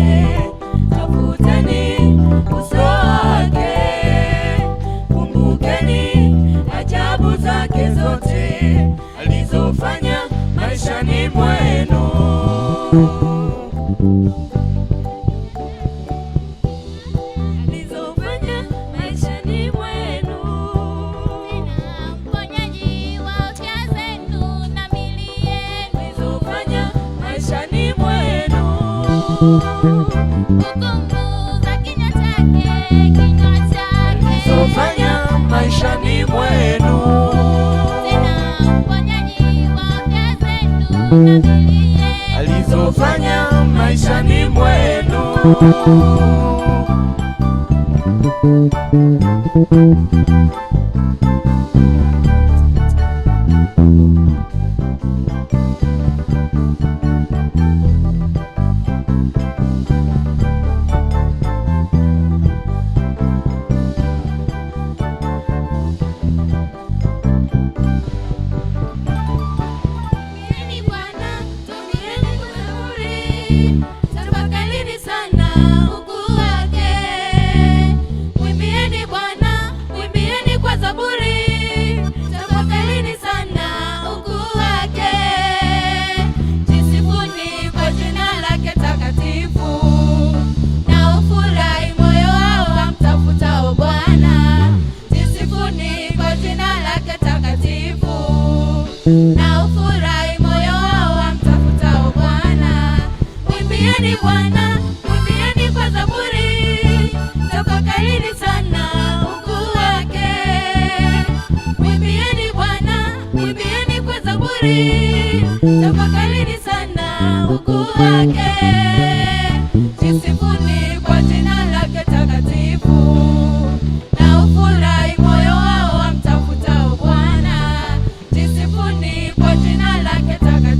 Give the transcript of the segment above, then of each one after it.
yeah. alizofanya maishani mwenu. sana Msifuni Bwana, mwimbieni kwa zaburi, tafakarini sana ukuu wake. Mwimbieni Bwana, mwimbieni kwa zaburi, tafakarini sana ukuu wake. Msifuni kwa jina lake takatifu, na ufurahi moyo wao wamtafutao Bwana. Msifuni kwa jina lake takatifu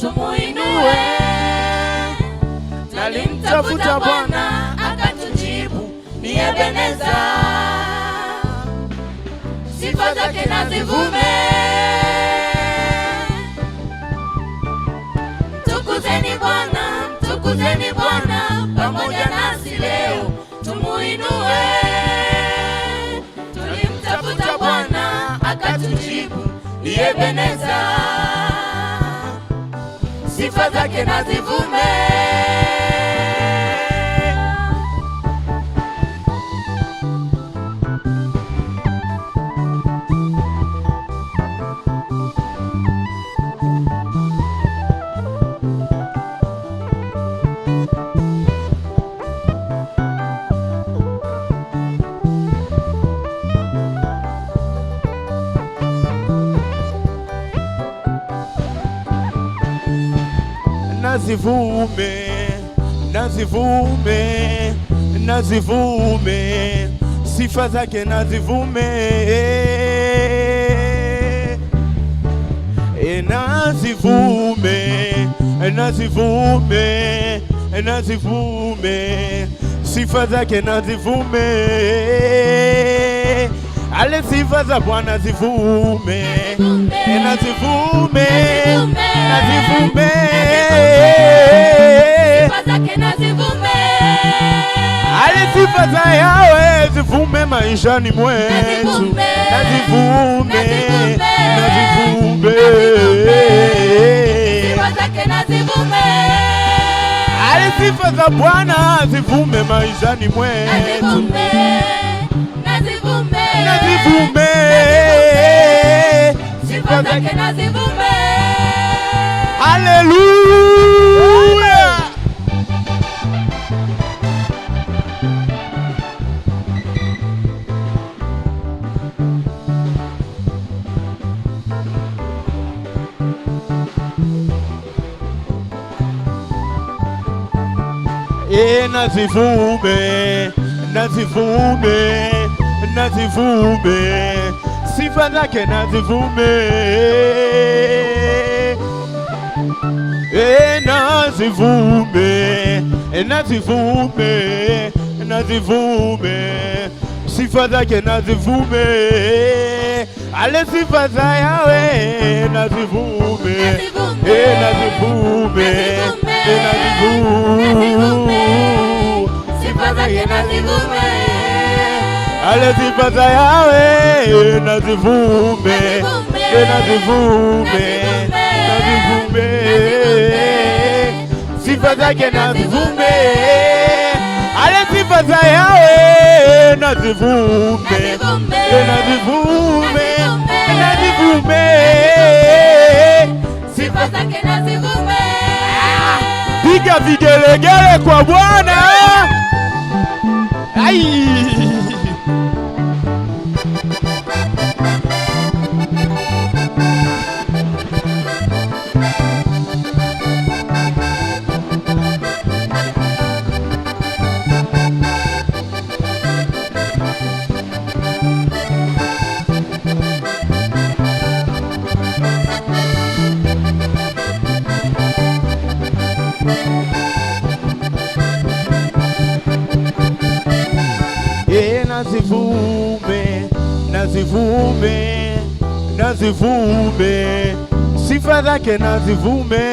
tumuinue. Nalimtafuta Bwana akatujibu, ni Ebeneza. Sifa zake na zivume, mtukuzeni Bwana, mtukuzeni Bwana pamoja nasi leo, tumuinue. Tulimtafuta Bwana akatujibu, ni Ebeneza. Σύμφωνα και να τη βούμε. nazivume, nazivume, nazivume sifa zake nazivume, e, nazivume, nazivume, nazivume sifa zake nazivume, ale sifa za Bwana zivume na zivume na zivume alisifa za yawe zivume maishani mwetu na zivume na zivume za Bwana zivume maishani mwetu zake na zivume. Haleluya! E, eh, na zivume, na zivume, sifa zake nazivume, e, eh, nazivume, e, eh, nazivume, eh, nazivume sifa zake nazivume, ale sifa za yawe nazivume, e, nazivume, nazivume sifa zake nazivume alezipata yawe na zivume na zivume na zivume sifa zake na zivume alezipata yawe na zivume na zivume na zivume sifa zake na zivume piga vigelegele kwa Bwana ai zivume na zivume na zivume sifa zake na zivume.